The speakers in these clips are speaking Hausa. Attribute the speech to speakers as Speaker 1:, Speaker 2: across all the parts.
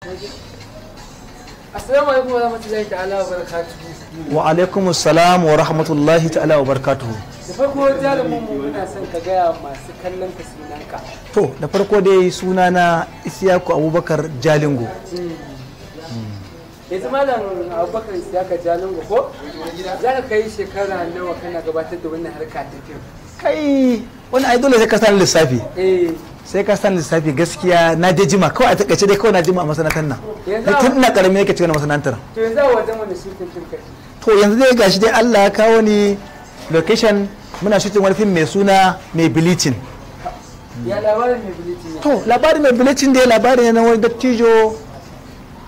Speaker 1: wa rahmatullahi ta'ala wa alaikum assalam wa rahmatullahi ta'ala wa barakatuhu. Da farko jarumin mu muna son ka gaya masu kallon ka sunanka. To da farko dai na Isiyaku Abubakar Jalingo. Yanzu malam Abubakar Isiyaka Jalingo ko? Za ka yi shekara nawa kana gabatar da wannan harka ta fim? Kai wani ai dole sai ka lissafi. Eh. sai ka san lissafi gaskiya na je jima kawai a takaice dai kawai na jima a masanatar nan tun ina karami yake cikin masana'antar to yanzu a dai gashi dai Allah ya kawo ni location muna shooting wani fim mai suna mai bilicin. ya labarin mai bilicin to labarin mai bleaching dai labarin ne na wani dattijo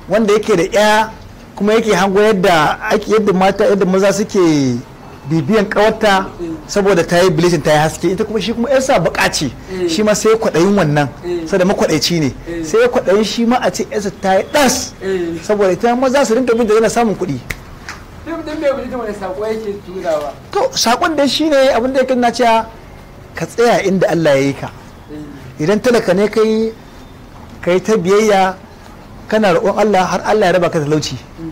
Speaker 1: wanda yake da ya kuma yake hango yadda ake yadda mata yadda maza suke bibiyan kawarta saboda ta yi bilicin ta yi haske ita kuma shi kuma yarsa baka ce eh. shi ma sai kwaɗayin wannan eh. saboda makwaɗaici ne eh. sai kwadayin shi ma a ce sa ta yi ɗas saboda ita ma za su rinka bin da yana samun kuɗi to saƙon da shi ne abin da yake na cewa ka tsaya inda Allah ya yi ka idan talaka ne kai kai ta biyayya kana roƙon Allah har Allah ya raba ka talauci hmm.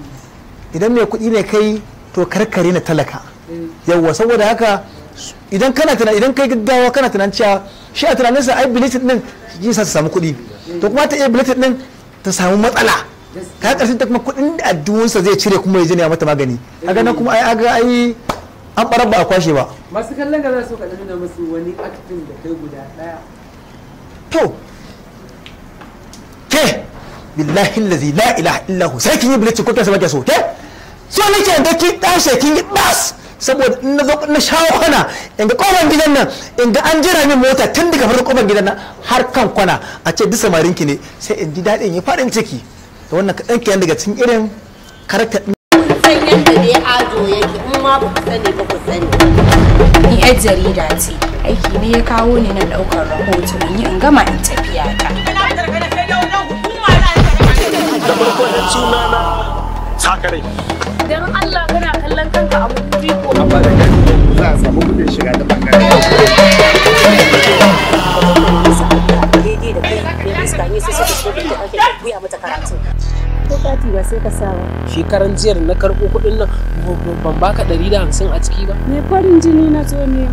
Speaker 1: idan mai kuɗi ne kai to karkare na talaka yawwa saboda haka idan kana tunan idan kai gaggawa kana tunan cewa shi a tunaninsa ai bilitin din shi sa su samu kuɗi to kuma ta iya bilitin din ta samu matsala ka karshen ta kuma kuɗin da addu'unsa zai cire kuma ya jini mata magani a ganin kuma ai aga ai an ɓarar ba a kwashe ba
Speaker 2: masu kallon gaza za ka kaɗa nuna musu wani aktin da kai guda ɗaya
Speaker 1: to ke billahi lazi la ilaha illahu sai kin yi bilitin ko kai sa so ke so ke da ki ɗashe kin yi ɗas saboda in na zo na sha kwana in ga kofar gidan nan in ga an jira min mota tun daga farko kofar gidan nan har kan kwana a ce duk samarin ki ne sai in ji daɗin ya farin ciki da wannan kaɗan kenan daga cikin irin karakta ɗin. san yadda dai ajo yake in ma ba ku sani ba ku sani. ni yar jarida ce aiki ne ya kawo ni na
Speaker 2: ɗaukar rahoto ni in gama in
Speaker 1: tafiya ta. da farko da
Speaker 2: sunana sakarai Dan Allah kana kallon kanka a mutubi ko a bada za
Speaker 1: a samu kudin shiga da
Speaker 2: bangare. Daidai
Speaker 1: da ne da ba sai ka sawa. jiyar na karɓo kuɗin nan ban baka
Speaker 2: ɗari da hamsin a ciki ba. Me farin jini na zo nema.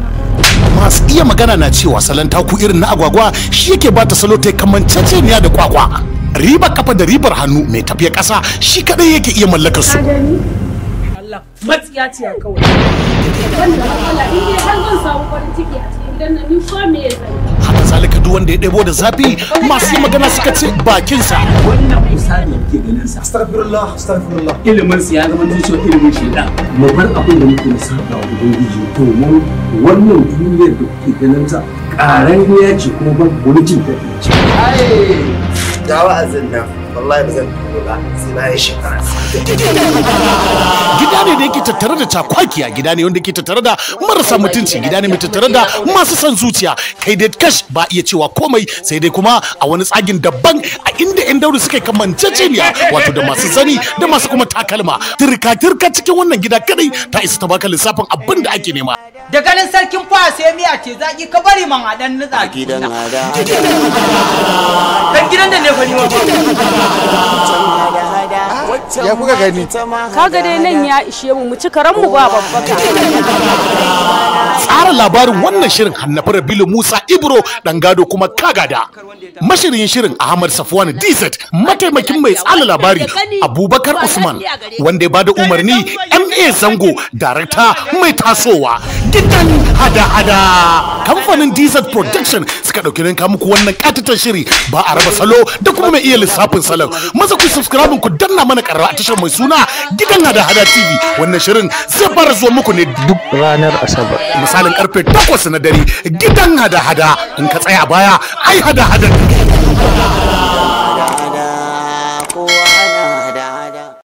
Speaker 2: masu iya magana na cewa salon taku irin na agwagwa shi yake bata salo ta kamanceceniya da kwakwa ribar kafa da ribar hannu mai tafiya ƙasa shi kaɗai yake iya mallakar su matsiya ce a kawai wanda matsala in dai har zan samu ciki a cikin gidan nan ni ko me ya haka zalika duk wanda ya ɗebo da zafi masu yi magana suka ce bakinsa wannan kusa ne ganin sa astaghfirullah astaghfirullah ilimin sa ya zama zuciyar ilimin shida. mu bar abin da muke saka wa ubangiji to mu wannan duniyar da kuke ganin ta ƙaran ya ce kuma babu wani jin daɗi ce
Speaker 1: dawa azin nan wallahi ba zan tuno ba sai bayan shekara
Speaker 2: gida ne da yake tattare da a gida ne wanda ke tattare da marasa mutunci gida ne mai tattare da masu son zuciya kai dai kash ba iya cewa komai sai dai kuma a wani tsagin daban a inda yan dauri suka kamanceceniya wato da masu sani da masu kuma takalma tirka tirka cikin wannan gida kadai ta isa ta baka lissafin abin da ake nema
Speaker 1: da ganin sarkin
Speaker 2: fa sai miya ce zaki ka bari man hadan nutsa gidan
Speaker 1: gidan da ne fa ya kuka gani kaga dai nan ya ishe mu mu ci karan mu ba
Speaker 2: babbaka tsara labarin wannan shirin hannafi rabilu musa ibro dan gado kuma kagada mashirin shirin ahmad safwan dz mataimakin mai tsara labari abubakar usman wanda ya bada umarni ma zango darakta mai tasowa gidan hada-hada kamfanin desert production suka ɗauki ninka muku wannan katatar shiri ba a raba salo da kuma mai iya lissafin salon maza ku subscribe ku danna mana karara a tashar mai suna gidan hada-hada tv wannan shirin zai fara zuwa muku ne duk ranar asabar misalin karfe takwas na dare gidan hada-hada in ka tsaya baya ai hada-hada